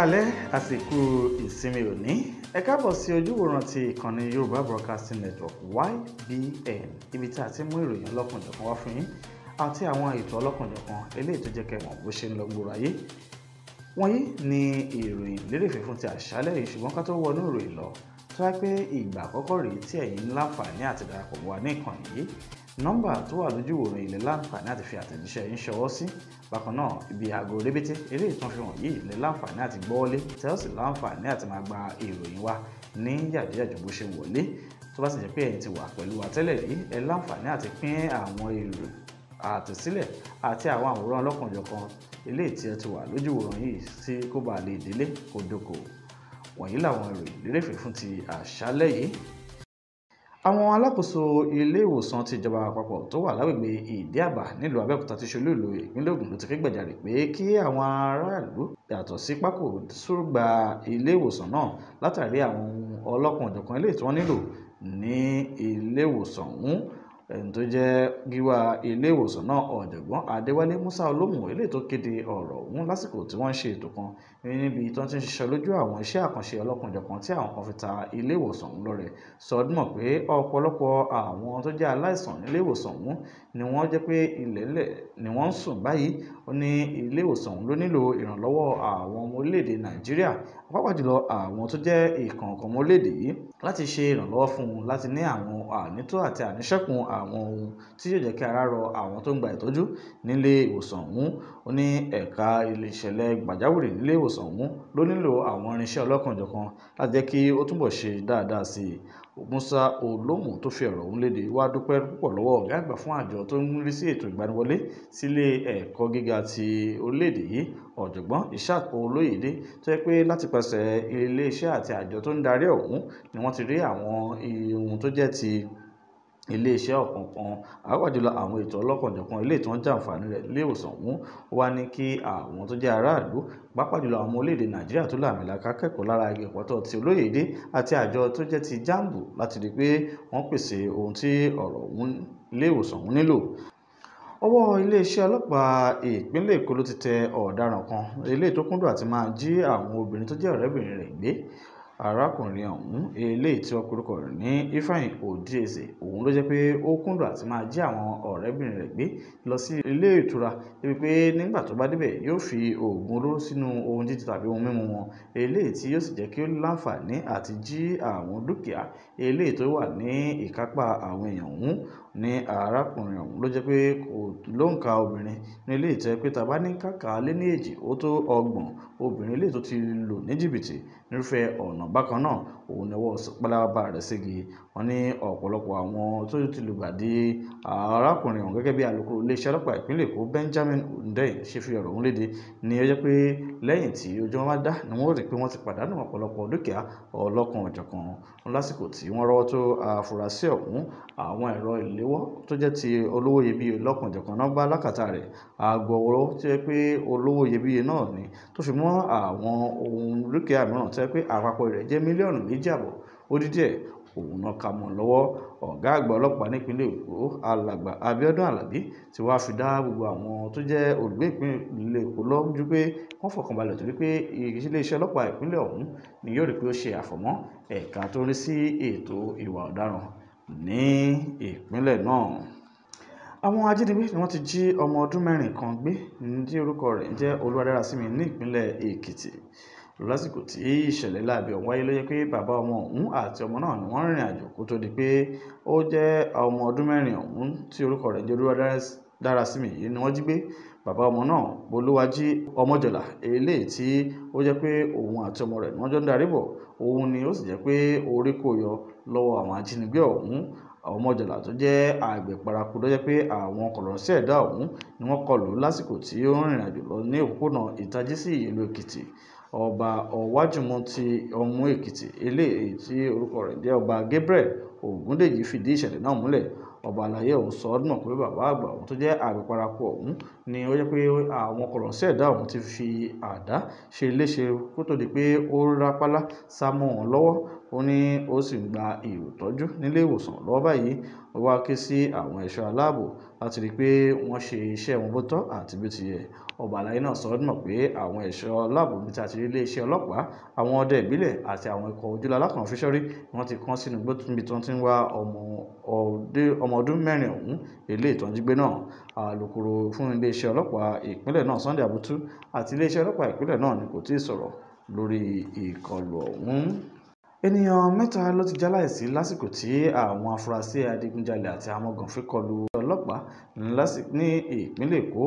kalẹ̀ àsìkò ìsinmi òní ẹ káàbọ̀ sí ojúwòran ti ìkànnì yorùbá broadcasting network ybn ibi tí a ti mú ìròyìn ọlọ́kùnjọ̀kan wá fún yín àti àwọn ètò ọlọ́kùnjọ̀kan eléyìí tó jẹ́ kẹwọ̀n bó ṣe ń lọ gbòòrò ayé wọ̀nyí ni ìròyìn lérèfé fún ti àṣálẹ́ yìí ṣùgbọ́n ká tó wọnú ìròyìn lọ tó wá pé ìgbà àkọ́kọ́ rèé tí ẹ̀yin láǹfààní àti darapọ̀ mọ́ ní ìkànnì yìí nọ́mbà tó wà lójú ìwòran ilẹ̀ láǹfààní àti fi àtẹ̀jíṣẹ́ yín ṣọwọ́ sí bákan náà ibi àgọ́ rébété eré ìtàn fi hàn yìí ilẹ̀ láǹfààní àti gbọ́ọ́lé tẹ́lẹ̀sì láǹfààní àti máa gba ìròyìn wa ní yàjóyàjó bó ṣe wọlé tó bá sì jẹ́ pé ẹ̀yin ti wà pẹ̀lú wa tẹ́lẹ̀ rí ẹ láǹfààní àti pín àwọn èrò àtẹ̀sílẹ̀ àti àwọn àwòrán ọlọ́kanòjọ̀kan eléyìí tí ẹ ti wà lójú ìwòran àwọn alákòóso iléèwòsàn ti ìjọba àpapọ̀ tó wà lágbègbè ìdíàbà nílùú abẹ́òkúta ti ṣolú ìlú ìpínlẹ̀ ògùn ló ti ké gbàjarè pé kí àwọn aráàlú yàtọ̀ sí pákó sùrùgbà iléèwòsàn náà látàrí àwọn ohun ọlọ́kan ò eléyìí tí wọ́n nílò ní iléèwòsàn ọ̀hún ẹni tó jẹ́ gíwá ilé náà ọ̀jọ̀gbọ́n adéwálé musa olómùwé lè tó kéde ọ̀rọ̀ ọ̀hún lásìkò tí wọ́n ń ṣe ètò kan níbi tó ti ń ṣiṣẹ́ lójú àwọn iṣẹ́ àkànṣe ọlọ́kanjọ̀kan tí àwọn kan fi ta ilé ìwòsàn ọ̀hún lọ́rẹ sọdúnmọ̀ pé ọ̀pọ̀lọpọ̀ àwọn tó jẹ́ aláìsàn nílé ìwòsàn ọ̀hún ni wọ́n jẹ́ pé ilẹ̀lẹ̀ ni wọ́n ń sùn báyìí ó ní ilé ìwòsàn ọ̀hún ló nílò ìrànlọ́wọ́ àwọn ọmọ orílẹ̀-èdè nàìjíríà pàápàá jùlọ àwọn tó jẹ́ ìkànkàn ọmọ orílẹ̀-èdè yìí láti ṣe ìrànlọ́wọ́ fún un láti ní àwọn ànító àti àníṣẹ́kùn à àwọn ohun tí yóò jẹ́ kí ara rọ àwọn tó ń gba ìtọ́jú nílé ìwòsàn ọ̀hún. Ó ní ẹ̀ka ìṣẹ̀lẹ̀ pàjáwìrì nílé ìwòsàn ọ̀hún ló nílò àwọn irinṣẹ́ ọlọ́kanòjọ̀kan láti jẹ́ kí ó túbọ̀ ṣe dáadáa sí i. Musa Olómù tó fi ọ̀rọ̀ ọ̀hún léde wá dúpẹ́ púpọ̀ lọ́wọ́ ọ̀gá àgbà fún àjọ tó ń rí sí ètò ìgbaniwọlé sílé ẹ̀kọ́ gíga ti orílẹ̀-èdè yìí, Ọ̀jọ̀gbọ́n Ishaq Olóyèdé tó jẹ́ pé láti pàṣẹ ilé iṣẹ́ àti àjọ tó ń darí ọ̀hún ni wọ́n ti rí àwọn ohun tó jẹ́ ti iléeṣẹ́ ọ̀kọ̀ọ̀kan pàápàá jùlọ àwọn ètò ọlọ́kanòjọ̀kan eléyìí tí wọ́n jàǹfààní rẹ̀ ilé ìwòsàn ọ̀hún ó wá ní kí àwọn tó jẹ́ aráàlú pàápàá jùlọ àwọn ọmọ orílẹ̀-èdè nàìjíríà tó lààmìlaka kẹ́kọ̀ọ́ lára ìpọ́tọ̀ ti olóyèdè àti àjọ tó jẹ́ ti jambu láti rí i pé wọ́n pèsè ohun tí ọ̀rọ̀ ọ̀hún ilé ìwòsàn ọ̀hún nílò ọwọ́ iléeṣẹ́ ọlọ́pàá ìpínlẹ̀ èkó ló ti tẹ ọ̀daràn kan eléyìí tó kúndùn àti máa jí àwọn obìnrin tó jẹ́ ọ̀rẹ́bìnrin rẹ̀ gbé arákùnrin ọ̀hún eléyìí tí wọ́n porúkọ rẹ̀ ní Ifeanyi Odoeze òun ló jẹ́ pé ó kúndùn àti máa jí àwọn ọ̀rẹ́bìnrin rẹ̀ gbé lọ sí ilé ìtura débi pé nígbà tó bá débẹ̀ yóò fi oògùn olóró sínú ohun jíjẹ tàbí ohun mímu wọn eléyìí tí yóò sì jẹ́ kí ó láǹfààní àti jí àwọn dúkìá eléyìí tó wà ní ìkápá àwọn èèyàn ọ̀hún ní arákùnrin ọ̀hún ló jẹ́ pé kò lóǹkà obìnrin ní eléyìí tó pé tá ní kàkà lé ní èjì ó tó ọgbọ̀n obìnrin eléyìí tó ti lò ní jìbìtì nírúfẹ́ ọ̀nà bákan náà òun ni ọwọ́ pálábá rẹ̀ ségi wọ́n ní ọ̀pọ̀lọpọ̀ àwọn tó ti lùgbàdì arákùnrin ọ̀hún gẹ́gẹ́ bí alukoro iléeṣẹ́ ọlọ́pàá ìpínlẹ̀ èkó benjamin hundeyin ṣe fi ọ̀rọ̀ ọ̀hún léde ni ó jẹ́ pé lẹ́yìn tí ojú wọn bá dá ni wọ́n rí pé wọ́n ti pàdánù ọ̀pọ̀lọpọ̀ dúkìá ọlọ́kan òjọ̀kan lásìkò tí wọ́n rọ́wọ́ tó àfúrásì ọ̀hún àwọn ẹ̀rọ ìléwọ́ tó jẹ́ ti olówó iyebíye lọ́kan òjọ̀kan náà bá lákàtà rẹ̀ aago ọwọ́rọ́ tó jẹ́ pé olówó iyebíye náà ni tó fi mọ́ àwọn ohun dúkìá mìíràn tó jẹ́ pé àpapọ̀ rẹ̀ rẹ̀ jẹ́ mílíọ̀nù méjì àbọ̀ ó dídí ẹ̀ òun náà ka mọ̀ lọ́wọ́ ọ̀gá àgbà ọlọ́pàá nípínlẹ̀ èkó alàgbà abiodun alabi ti wá fi dá gbogbo àwọn tó jẹ́ olùgbé ìpínlẹ̀ èkó lójú pé wọ́n fọkànbalẹ̀ torí pé iléeṣẹ́ ọlọ́pàá ìpínlẹ̀ ọ̀hún ni yóò rí pé ó ṣe àfọ̀mọ́ ẹ̀ka tó rí sí ètò ìwà ọ̀daràn ní ìpínlẹ̀ náà àwọn ajínigbé ni wọ́n ti jí ọmọ ọdún mẹ́rin kan gbé tí orúkọ rẹ̀ jẹ́ olúwadarasími ní ìpínlẹ̀ èkìtì lásìkò tí ìṣẹ̀lẹ̀ láabi ọ̀hún wáyé ló jẹ́ pé bàbá ọmọ ọ̀hún àti ọmọ náà ni wọ́n rìnrìn àjò kó tó di pé ó jẹ́ ọmọ ọdún mẹ́rin ọ̀hún tí orúkọ rẹ̀ jẹ́ Olúwadárasími yìí ni wọ́n jí gbé bàbá ọmọ náà Bolúwájí Ọmọjọlá eléyìí tí ó jẹ́ pé òun àti ọmọ rẹ̀ ni wọ́n jọ ń darí bọ̀ òun ni ó sì jẹ́ pé orí kò yọ lọ́wọ́ àwọn ajínigbé ọ̀hún Ọmọjọlá tó jẹ́ àgbẹ̀ paraku tó pé àwọn kọ̀lọ́sí ẹ̀dá ọ̀hún ni wọ́n kọlù lásìkò tí ó ń rìnrìn àjò lọ ní òpópónà Ìtàjì sí ìlú Èkìtì ọba ọ̀wájúmọ́ ti ọmú èkìtì eléyìí tí orúkọ rẹ̀ jẹ́ ọba gabriel ògúndèjì fìdí ìṣẹ̀lẹ̀ náà múlẹ̀ ọba àlàyé ọ̀hún sọ ọdún pé bàbá àgbà ọ̀hún tó jẹ́ àgbẹ̀ paraku ọ̀hún ni ó jẹ́ pé àwọn kọ̀rọ̀sí ẹ̀dá ọ̀hún ti fi àdá ṣe léṣe kó tó di pé ó rápálá sá mọ́ wọn lọ́wọ́ ó ní ó sì ń gba ìtọ́jú nílé ìwòsàn lọ́wọ́ báyìí ó wá ké sí àwọn ẹ̀ṣọ́ aláàbò láti rí i pé wọ́n ṣe iṣẹ́ wọn bó tọ́ àti bí ó ti yẹ ọba àlàyé náà sọ ọ́ mọ̀ pé àwọn ẹ̀ṣọ́ láàbò bíi ti àtìrí iléeṣẹ́ ọlọ́pàá àwọn ọdẹ ìbílẹ̀ àti àwọn ikọ̀ ojúlá alákàn fíṣọ́rí wọ́n ti kán sínú igbó níbi tí wọ́n ti ń wá ọmọ ọdún mẹ́rin ọ̀hún ilé ìtọ́júgbé náà alūkkóró fún iléeṣẹ́ ọlọ́pàá ìpínlẹ̀ náà Sunday Abutu àti iléeṣẹ́ ọlọ́pàá ìpínlẹ̀ náà ni kò tí ì sọ̀rọ̀ lórí ìkọlù ọ̀hún ènìyàn mẹ́ta ló ti jáláìsí lásìkò tí àwọn afurasí adigunjalè àti amọ̀gànfẹ́ kọlu ọlọ́pàá ní ìpínlẹ̀ èkó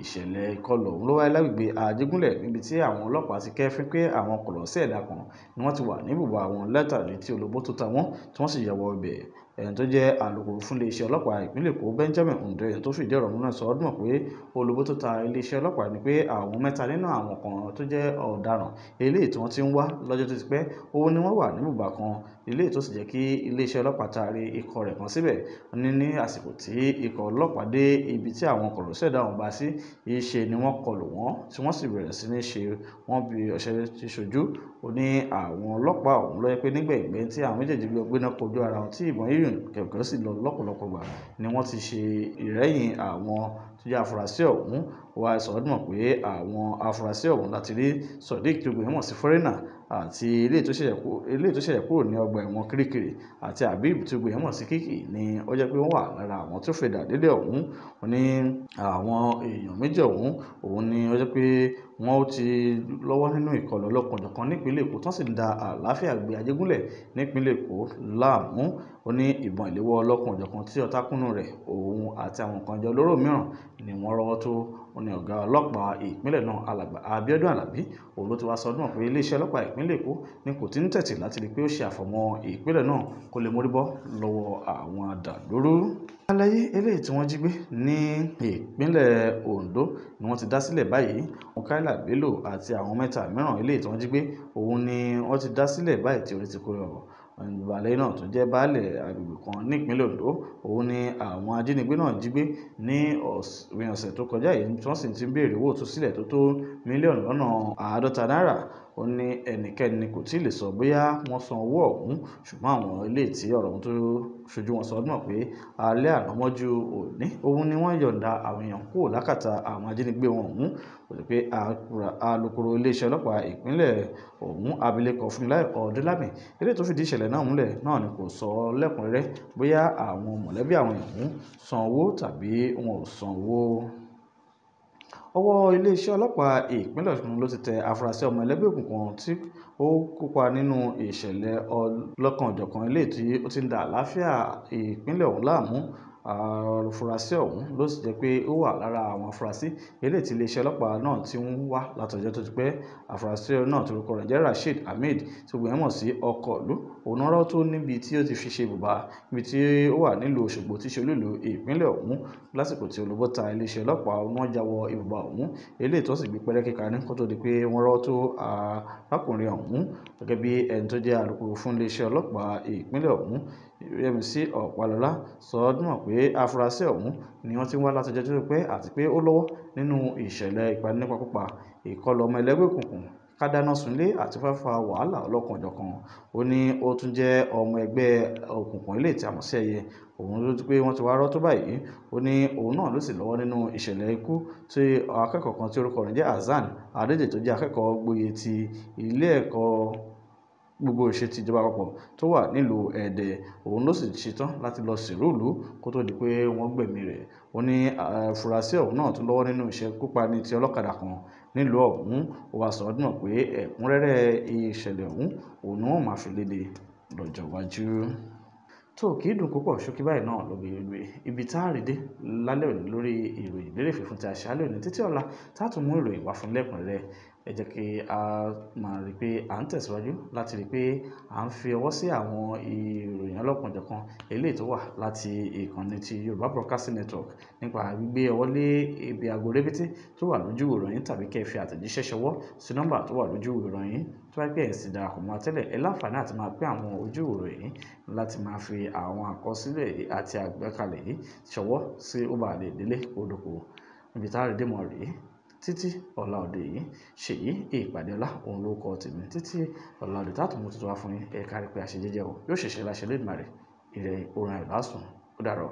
ìṣẹ̀lẹ̀ ìkọlù ọ̀hún ló wáyé lágbègbè àjẹgúnlẹ̀ níbi tí àwọn ọlọ́pàá ti kẹ́fín pé àwọn kọ̀lọ̀sí ẹ̀dá kan ni wọ́n ti wà níbùbọ̀ àwọn látàrí tí olóbó tó ta wọ́n tí wọ́n sì yà wọ ibẹ̀ ẹni tó jẹ́ alukoro fún iléeṣẹ́ ọlọ́pàá ìpínlẹ̀ èkó benjamin hundeyin ẹni tó fìdí ọ̀rọ̀ múná sọ ọdún pé olùbó tó ta iléeṣẹ́ ọlọ́pàá ni pé àwọn mẹ́ta nínú àwọn kan tó jẹ́ ọ̀daràn eléyìí tí wọ́n ti ń wá lọ́jọ́ tó ti pẹ́ òun ni wọ́n wà níbùbà kan eléyìí tó sì jẹ́ kí iléeṣẹ́ ọlọ́pàá taari ikọ̀ rẹ̀ kan síbẹ̀ ní ní àsìkò tí ikọ̀ ọlọ́pàá dé ibi tí àwọn kọ̀lọ́sẹ̀ dá wọn bá sí iṣẹ́ ni wọ́n kọlù wọ́n tí wọ́n sì bẹ̀rẹ̀ sí ní ṣe wọ́n bí ọ̀sẹ̀ ti ṣojú ó ní àwọn ọlọ́pàá ọ̀hún ló jẹ́ pé nígbẹ̀gbẹ́ tí àwọn méjèèjì lọ gbéná kojú ara wọn tí ìbọn yíyùn kẹ̀kẹ́ sì lọ lọ́pọ̀lọpọ̀ gbà ni wọ́n ti ṣe ìrẹ́yìn àwọn tó jẹ́ afurasí ọ̀hún wa sọ̀rọ̀ dùn pé àwọn afurasí ọ̀hún láti rí Sodiq tó gbé sí fọ́rẹ́nà àti eléyìí tó kúrò ní ọgbà ẹ̀wọ̀n Kirikiri àti Habib tí gbogbo èèyàn sí Kiki ni ó jẹ́ pé wọ́n wà lára àwọn tó fẹ̀dà délé ọ̀hún. ní àwọn èèyàn méjì ọ̀hún, òun ni ó jẹ́ pé wọ́n ti lọ́wọ́ nínú ìkọlù ọlọ́kanjọkan nípínlẹ̀ Èkó tó sì ń da àlàáfíà gbé Ajégúnlẹ̀ nípínlẹ̀ Èkó láàmú. Ó ní ìbọn ìléwọ́ ọlọ́kanjọkan tí ọ̀tákúnnú rẹ̀, òun àti àwọn nǹkan ìjà olóró mìíràn ni wọ́n rọ́wọ́ tó ó ní ọ̀gá ọlọ́pàá ìpínlẹ̀ náà alàgbà abiodun alabi òun ló ti wá sọ náà pé iléeṣẹ́ ọlọ́pàá ìpínlẹ̀ èkó ni kò ti ń tẹ̀tì láti rí i pé ó ṣe àfọ̀mọ́ ìpínlẹ̀ náà kó lè mórí bọ́ lọ́wọ́ àwọn àdàlóró. aláyé eléyìí tí wọ́n jí gbé ní ìpínlẹ̀ ondo ni wọ́n ti dá sílẹ̀ báyìí mukaila bello àti àwọn mẹ́ta mìíràn eléyìí tí wọ́n jí gbé òun ni wọ́n ti dá sílẹ̀ báyìí tí orí ti kó baálé náà tó jẹ́ baálé agbègbè kan nípínlẹ̀ Ondo òun ni àwọn ajínigbé náà jí gbé ní òpin ọ̀sẹ̀ tó kọjá yìí tí wọ́n sì ti ń béèrè owó ìtúsílẹ̀ tó tó mílíọ̀nù lọ́nà àádọ́ta náírà ó ní ẹnikẹ́ni kò tí ì lè sọ bóyá wọ́n san owó ọ̀hún ṣùgbọ́n àwọn ilé tí ọ̀rọ̀ tó ṣojú wọn sọ náà pé alẹ́ àná mọ́jú òní òun ni wọ́n yọ̀ǹda àwọn èèyàn kúrò lákàtà àwọn ajínigbé wọn ọ̀hún kò sí pé alukoro iléeṣẹ́ ọlọ́pàá ìpínlẹ̀ òun abilékọ fúnmiláyọ ọdúnlami eléyìí tó fìdí ìṣẹ̀lẹ̀ náà múlẹ̀ náà ni kò sọ lẹ́kùnrẹ́rẹ́ bóyá àwọn mọ̀lẹ́bí àwọn ìhún san owó tàbí wọn ò san owó ọwọ́ iléeṣẹ́ ọlọ́pàá ìpínlẹ̀ ọ̀ṣun ló ti tẹ afurasí ọmọ ẹlẹ́gbẹ́ òkùnkùn tí ó kópa nínú ìṣẹ̀lẹ̀ ọlọ́kanòjọ̀kan eléyìí tí ó ti ń da àlàáfíà ìpínlẹ̀ ọ̀hún láàmú àfúrásì ọ̀hún ló sì jẹ́ pé ó wà lára àwọn afurasí eléyìí tí iléeṣẹ́ ọlọ́pàá náà ti ń wá látọjọ́ tó ti pẹ́ afurasí náà torúkọ rẹ̀ jẹ́ rasheed ahmed tí gbogbo èèyàn mọ̀ sí ọkọ̀ onírọ́ tó níbi tí ó ti fi ṣe ibùba níbi tí ó wà nílùú ọ̀ṣọ́gbó tí í ṣe olúìlú ìpínlẹ̀ ọ̀hún lásìkò tí olùbọ́ ta iléeṣẹ́ ọlọ́pàá wọn já wọ ibùba ọ̀hún eléyìí tó sì gbé pẹ́rẹ́ kíka ní kó tó di pé wọ́n rọ́ tó arákùnrin ọ̀hún gẹ́gẹ́ bí ẹni tó jẹ́ alùkòrò fún iléeṣẹ́ ọlọ́pàá ìpínlẹ̀ ọ̀hún yẹmí sí ọ̀pálọ́lá sọ ọ́ dùn pé afurasí ọ̀hún ni wọ́n ti wá láti jẹ́jọ́ pé àti pé ó lọ́wọ́ nínú ìṣẹ̀lẹ̀ ìpaninípakúpa ìkọlù ọmọ ká dáná sunlé àti fáfa wàhálà ọlọ́kanòjọ̀kan ó ní ó tún jẹ́ ọmọ ẹgbẹ́ òkùnkùn ilé tí a mọ̀ sí ẹyẹ òun ló ti pé wọ́n ti wá rọ́ tó báyìí ó ní òun náà ló sì lọ́wọ́ nínú ìṣẹ̀lẹ̀ ikú tí akẹ́kọ̀ọ́ kan tí orúkọ rẹ̀ jẹ́ Hasan Adédè tó jẹ́ akẹ́kọ̀ọ́ gboyè ti ilé ẹ̀kọ́ gbogbo ìṣe ti ìjọba àpapọ̀ tó wà nílùú ẹ̀dẹ̀ òun ló sì ṣetán láti lọ sìrúùlù kó tó di pé wọ́n gbẹ̀mí rẹ̀ ó ní àfúrásì ọ̀hún náà tún lọ́wọ́ nínú ìṣekúpani ti ọlọ́kadà kan nílùú ọ̀hún ó wàá sọ ọdún náà pé ẹ̀kúnrẹ́rẹ́ ìṣẹ̀lẹ̀ ọ̀hún òun ni wọ́n máa fi léde lọ́jọ́ iwájú tó kì í dùn púpọ̀ ṣókí báyìí náà ló gbèrè ibi tá a rí dé lálẹ́ òní lórí ìròyìn lérè fífún ti àṣálẹ́ òní títí ọ̀la ẹ jẹ́ kí a máa rí pé à ń tẹ̀síwájú láti rí pé à ń fi ọwọ́ sí àwọn ìròyìn ọlọ́kanòjọ̀kan eléyìí tó wà láti ìkànnì ti Yorùbá Broadcasting Network nípa gbígbé ọwọ́ lé ibi aago rẹ́bẹ́tì tó wà lójú ìròyìn tàbí kẹ́ fi àtẹ̀jíṣẹ́ ṣọwọ́ sí nọ́mbà tó wà lójú ìròyìn tó bá pẹ́ ẹ̀ sì darapọ̀ mọ́ tẹ́lẹ̀ ẹ láǹfààní àti máa pín àwọn ojú ìròyìn láti máa fi àwọn àkọsílẹ̀ àti títí ọ̀làòdè yìí ṣèyí ìpàdé ọlá òun ló kọ tèmi títí ọ̀làòdè tààtùn mo tuntun wá fún yín ẹ̀ka rí pé àṣejíjẹ o yóò ṣẹ̀ṣẹ̀ láṣẹ lẹ́dùnmarè ìrẹ̀ orin àìlásùn ó dàrọ̀.